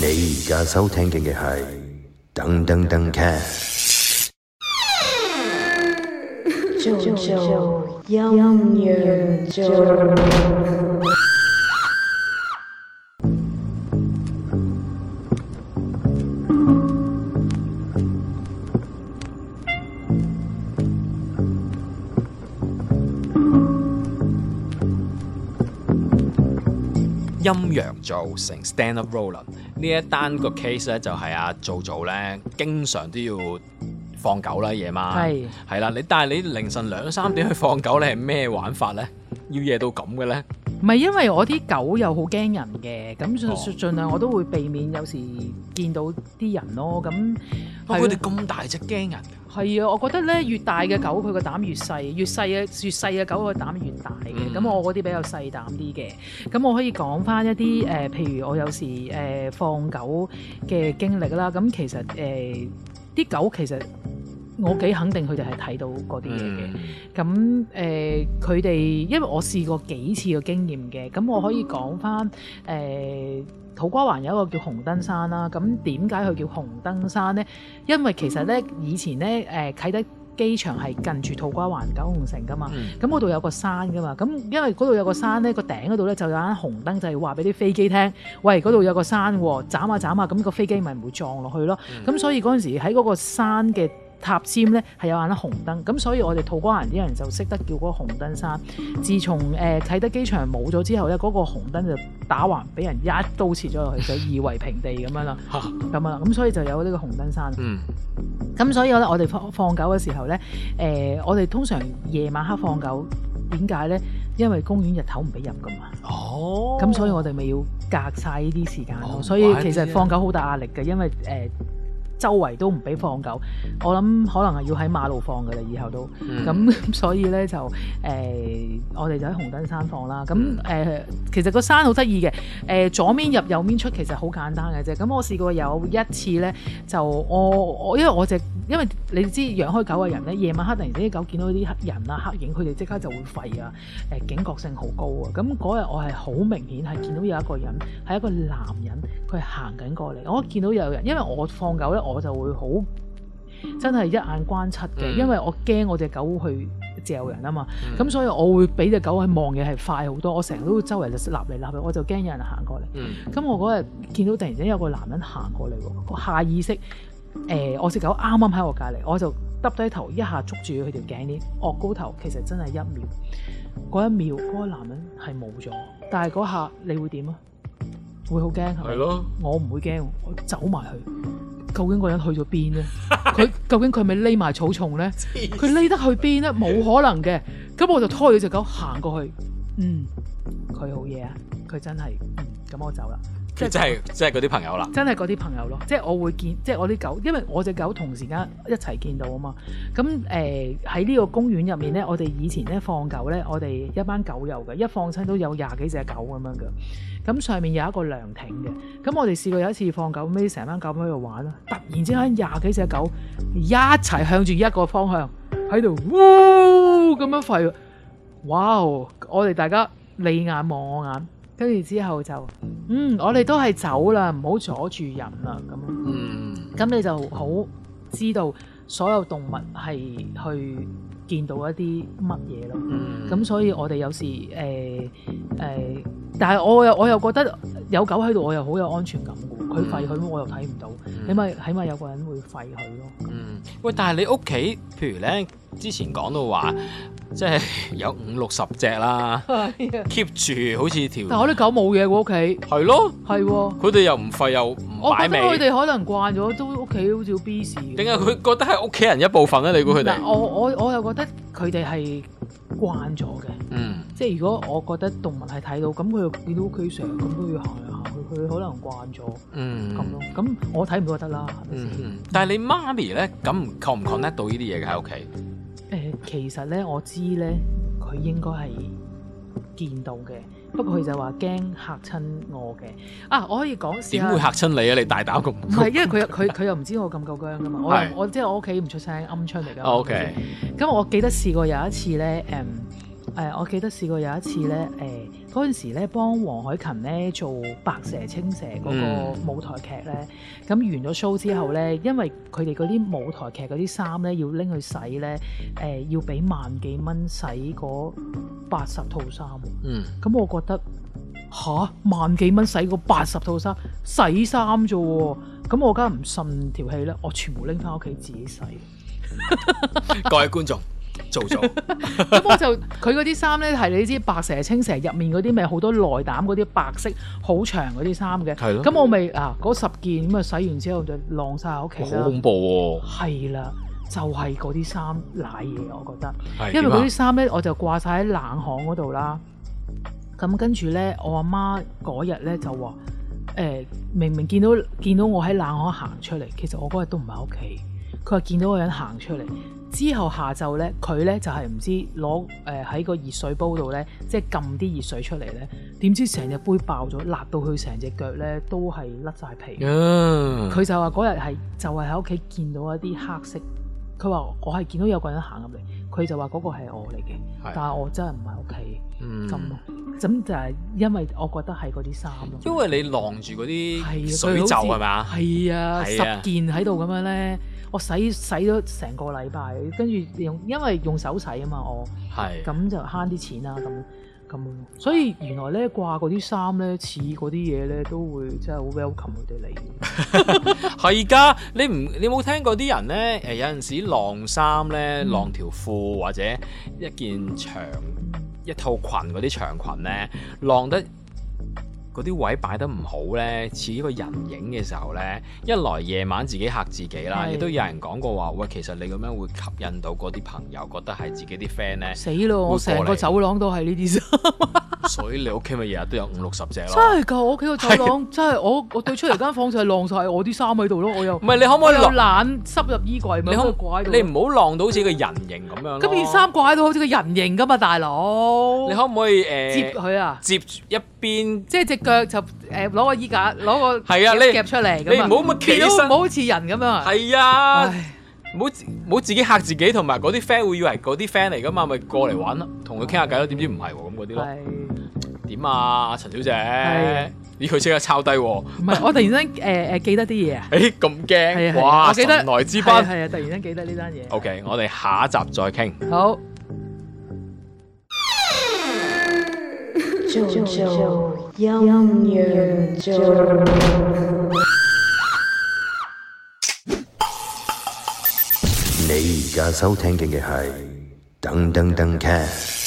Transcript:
你而家收聽嘅係《燈登登 cast》，做做音源做。陰陽做成 stand up roller 呢一單個 case 咧，就係阿、啊、做做咧，經常都要放狗啦，夜晚係係啦，你但係你凌晨兩三點去放狗你係咩玩法咧？要夜到咁嘅咧？唔係因為我啲狗又好驚人嘅，咁盡、哦、盡量我都會避免有時見到啲人咯。咁佢哋咁大隻驚人？係啊，我覺得咧，越大嘅狗佢個膽越細，越細嘅越細嘅狗個膽越大嘅。咁、嗯、我嗰啲比較細膽啲嘅。咁我可以講返一啲誒、呃，譬如我有時誒、呃、放狗嘅經歷啦。咁其實誒啲、呃、狗其實。我幾肯定佢哋係睇到嗰啲嘢嘅，咁誒佢哋因為我試過幾次嘅經驗嘅，咁我可以講翻誒土瓜灣有一個叫紅燈山啦，咁點解佢叫紅燈山咧？因為其實咧以前咧誒啟德機場係近住土瓜灣九龍城噶嘛，咁嗰度有個山噶嘛，咁因為嗰度有個山咧，個頂嗰度咧就有粒紅燈，就係話俾啲飛機聽，喂嗰度有個山喎，斬下斬下，咁個飛機咪唔會撞落去咯。咁所以嗰陣時喺嗰個山嘅。塔尖咧係有眼咧紅燈，咁所以我哋土瓜灣啲人就識得叫嗰個紅燈山。自從誒啟德機場冇咗之後咧，嗰、那個紅燈就打橫俾人一刀切咗落去，就夷為平地咁樣啦，咁 樣咁所以就有呢個紅燈山。嗯，咁所以咧、呃，我哋放放狗嘅時候咧，誒，我哋通常夜晚黑放狗，點解咧？因為公園日頭唔俾入噶嘛。哦，咁所以我哋咪要隔晒呢啲時間咯、哦。所以其實放狗好大壓力嘅，因為誒。呃周圍都唔俾放狗，我諗可能係要喺馬路放嘅啦，以後都咁、mm. 嗯，所以呢，呃、我就我哋就喺紅燈山放啦。咁其實個山好得意嘅，左面入右面出，其實好、呃、簡單嘅啫。咁我試過有一次呢，就我我因為我隻因為你知養開狗嘅人呢，夜晚黑突然之間啲狗見到啲黑人啊、黑影，佢哋即刻就會吠啊、呃，警覺性好高啊。咁嗰日我係好明顯係見到有一個人係一個男人，佢行緊過嚟，我見到有人，因為我放狗呢我就會好真係一眼關七嘅、嗯，因為我驚我隻狗去嚼人啊嘛，咁、嗯、所以我會俾隻狗喺望嘢係快好多。我成日都周圍就立嚟立去，我就驚有人行過嚟。咁、嗯、我嗰日見到突然間有個男人行過嚟，下意識誒、呃，我隻狗啱啱喺我隔籬，我就耷低頭一下捉住佢條頸鏈，岳高頭，其實真係一秒。嗰一秒，嗰、那個男人係冇咗，但係嗰下你會點啊？會好驚係咪？我唔會驚，我走埋去。究竟嗰人去咗邊咧？佢 究竟佢係咪匿埋草叢咧？佢匿得去邊咧？冇可能嘅。咁 我就拖咗隻狗行過去。嗯，佢好嘢啊！佢真係。咁我走啦，即係真係嗰啲朋友啦，真係嗰啲朋友咯。即係我會見，即係我啲狗，因為我隻狗同時間一齊見到啊嘛。咁誒喺呢個公園入面呢，我哋以前呢放狗呢，我哋一班狗友嘅，一放親都有廿幾隻狗咁樣嘅。咁上面有一個涼亭嘅，咁我哋試過有一次放狗，尾，成班狗喺度玩啦，突然之間廿幾隻狗一齊向住一個方向喺度，嗚，咁樣吠，哇！我哋大家你眼望我眼。跟住之後就，嗯，我哋都係走啦，唔好阻住人啦，咁，咁你就好知道所有動物係去見到一啲乜嘢咯。咁所以我哋有時誒誒，但係我又我又覺得有狗喺度，我又好有安全感。佢吠佢，我又睇唔到。起碼起碼有個人會吠佢咯。嗯，喂，但係你屋企，譬如咧，之前講到話，即係有五六十隻啦，keep 住好似條。但係我啲狗冇嘢喎，屋企。係咯，係。佢哋又唔吠又唔擺尾。我覺得佢哋可能慣咗，都屋企好似 B 事。定係佢覺得係屋企人一部分咧？你估佢哋？我我我又覺得佢哋係慣咗嘅。嗯。即係如果我覺得動物係睇到，咁佢又見到屋企成日，咁都要行。佢可能慣咗，咁、嗯、咯。咁我睇唔覺得啦，係、嗯、咪先？嗯、但係你媽咪咧，咁抗唔抗得到呢啲嘢嘅喺屋企？誒、呃，其實咧，我知咧，佢應該係見到嘅。不過佢就話驚嚇親我嘅。啊，我可以講笑啊！點會嚇親你啊？你大膽咁唔係，因為佢佢佢又唔知我咁夠薑噶嘛。 我我即係我屋企唔出聲，暗出嚟噶。O K。咁、okay. 我記得試過有一次咧，誒、嗯、誒、呃，我記得試過有一次咧，誒、呃。嗰陣時咧，幫黃海芹咧做白蛇青蛇嗰個舞台劇咧，咁、嗯、完咗 show 之後咧，因為佢哋嗰啲舞台劇嗰啲衫咧，要拎去洗咧，誒、呃、要俾萬幾蚊洗嗰八十套衫。嗯，咁我覺得嚇萬幾蚊洗嗰八十套衫洗衫咋喎？咁我梗係唔信條氣啦，我全部拎翻屋企自己洗。 各位觀眾。做做咁 我就佢嗰啲衫咧，係你知白蛇青蛇入面嗰啲咪好多內膽嗰啲白色好長嗰啲衫嘅。係咯的。咁我咪嗱嗰十件咁啊，洗完之後就晾晒喺屋企，好恐怖喎、哦！係啦，就係嗰啲衫瀨嘢，我覺得。係的。因為嗰啲衫咧，樣我就掛晒喺冷巷嗰度啦。咁跟住咧，我阿媽嗰日咧就話，誒、呃、明明見到見到我喺冷巷行出嚟，其實我嗰日都唔喺屋企。佢話見到個人行出嚟，之後下晝呢，佢呢就係、是、唔知攞誒喺個熱水煲度呢，即係撳啲熱水出嚟呢，點知成隻杯爆咗，辣到佢成隻腳呢都係甩晒皮。佢、yeah. 就話嗰日係就係喺屋企見到一啲黑色。佢話我係見到有個人行入嚟。佢就話嗰個係我嚟嘅，但係我真係唔係屋企。咁、嗯、咁就係因為我覺得係嗰啲衫咯。因為你晾住嗰啲水袖係嘛？係啊，十件喺度咁樣咧，我洗洗咗成個禮拜，跟住用因為用手洗啊嘛，我係咁就慳啲錢啦咁。咁，所以原來咧掛嗰啲衫咧，似嗰啲嘢咧，都會真係好 welcome 佢哋嚟。而家你唔你冇聽過嗰啲人咧？誒，有陣時晾衫咧，晾條褲或者一件長一套裙嗰啲長裙咧，晾得，嗰啲位擺得唔好呢，似呢個人影嘅時候呢，一來夜晚自己嚇自己啦，亦都有人講過話，「喂，其實你咁樣會吸引到嗰啲朋，朋友，覺得係自己啲 friend 呢。」死咯！我成個走廊都係呢啲。 所以你屋企咪日日都有五六十隻咯。真係噶，我屋企個走廊真係我我對出嚟間房間就係晾晒我啲衫喺度咯，我又唔係，你可唔可以攬濕入衣櫃咁樣？你唔好晾到好似個人形咁樣咯。咁件衫掛喺度好似個人形噶嘛，大佬。你可唔可以誒、呃？接佢啊！接一邊，即係隻腳就誒攞、呃、個衣架攞個夾、夾出嚟咁，你唔好咁樣企起身，唔好似人咁樣啊！係啊！唔好自唔好自己吓自己，同埋嗰啲 friend 會以為嗰啲 friend 嚟噶嘛，咪過嚟玩咯，同佢傾下偈咯，點、嗯、知唔係咁嗰啲咯。點啊，陳小姐，咦佢即刻抄低喎。唔係，我突然間誒誒記得啲嘢啊。誒咁驚？係、啊啊、我記得。神來之筆。係啊，啊，突然間記得呢單嘢。O、okay, K，我哋下一集再傾。好。 大家收聽緊嘅係噔噔噔 cast。當當當當。